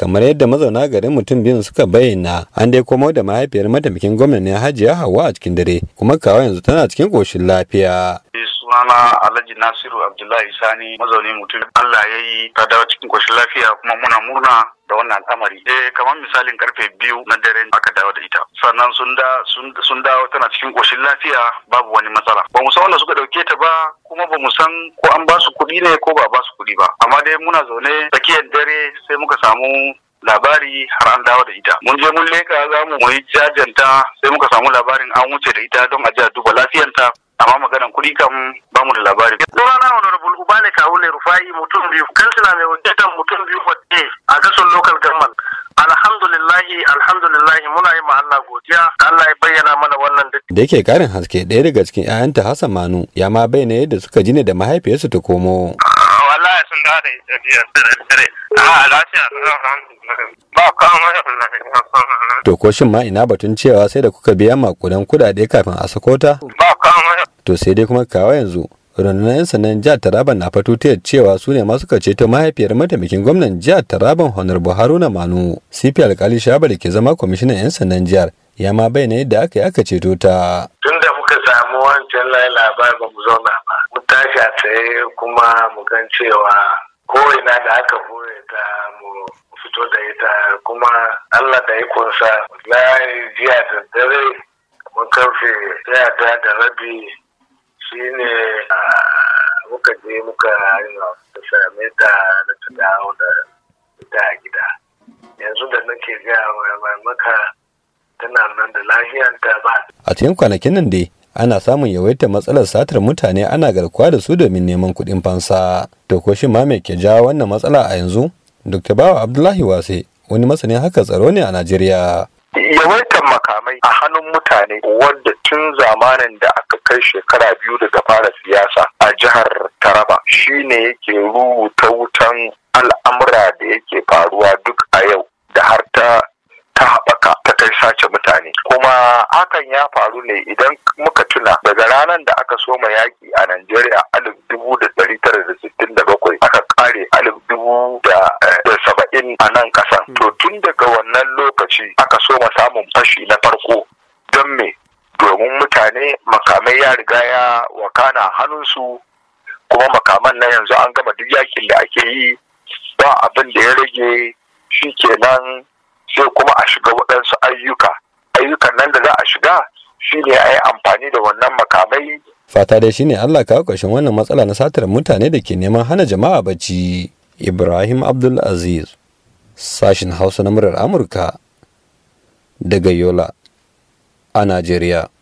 kamar yadda mazauna garin mutum biyun suka bayyana an dai komo da mahaifiyar mataimakin gwamnan ne hajiya hawa a cikin dare kuma kawo yanzu tana cikin koshin lafiya eh, sunana Alhaji Nasiru Abdullahi Sani mazaunin mutum Allah ya yi ta dawo cikin koshin lafiya kuma muna murna da wannan al'amari E, kamar misalin karfe biyu na dare aka dawo da ita sannan sun da sun dawo tana cikin koshin lafiya babu wani matsala ba mu san wanda suka dauke ta ba kuma ba mu san ko an ba su kuɗi ne ko ba ba su kuɗi ba amma dai muna zaune tsakiyar dare muka samu labari har an dawo da ita mun je mun leka za mu yi jajanta sai muka samu labarin an wuce da ita don a ji duba lafiyanta amma maganan kuɗi kam ba mu da labari. Sunana Honorable Ubale Kawule Rufai mutum biyu, kansila mai wakiltar mutum biyu wadde a gasar local government. Alhamdulillahi, alhamdulillahi muna yi Allah godiya, Allah ya bayyana mana wannan da yake karin haske ɗaya daga cikin 'ya'yanta Hassan Manu ya ma bayyana yadda suka ji da mahaifiyarsu ta komo. Ah, wallahi to ko shin ma ina batun cewa sai da kuka biya makudan kudade kafin a sako ta ba ka to sai dai kuma kawo yanzu rundunar 'yan jihar taraban na ta cewa su ne masu kace ta mahaifiyar mataimakin gwamnan jihar taraban buhari na manu cp alkali shaba da ke zama kwamishinan 'yan sanan jihar ya ma bayyana yadda aka yi aka ceto ta tun da muka samu wancan layi labarin ba mu zauna ba tashi a tsaye kuma mu gan cewa ko'ina da aka hore ta mu fito da ita kuma Allah da ikonsa na jiya da dare mun karfe yada da rabi shine muka je muka da same ta da ta dawo da ita a gida yanzu da nake gaya maka tana nan da lahiyanta ba a cikin kwanakin nan dai ana samun yawaita matsalar satar mutane ana garkuwa da su domin neman kuɗin fansa to ko shi ma me ke jawo wannan matsala a yanzu dr bawa abdullahi wase wani masanin haka tsaro ne a najeriya yawaitar makamai a hannun mutane wadda tun zamanin da aka kai shekara biyu daga fara siyasa a jihar taraba shine yake rubuta wutan al'amura da yake faruwa hakan ya faru ne idan muka tuna daga ranar da aka soma yaƙi a Najeriya alif dubu da dari tara da sittin da bakwai aka kare alif dubu eh, da saba'in a nan kasan. To tun daga wannan lokaci aka soma samun fashi na farko don me domin mutane makamai ya riga ya wakana hannunsu kuma makaman na yanzu an gama duk yakin da ake yi ba abin da ya rage shi kenan sai kuma a shiga waɗansu dazuzzukan nan da za a shiga shi ne a yi amfani da wannan makamai fata dai shine Allah kawo ƙarshen wannan matsala na satar mutane da ke neman hana jama'a bacci Ibrahim Abdul Aziz sashin Hausa na murar Amurka daga Yola a Najeriya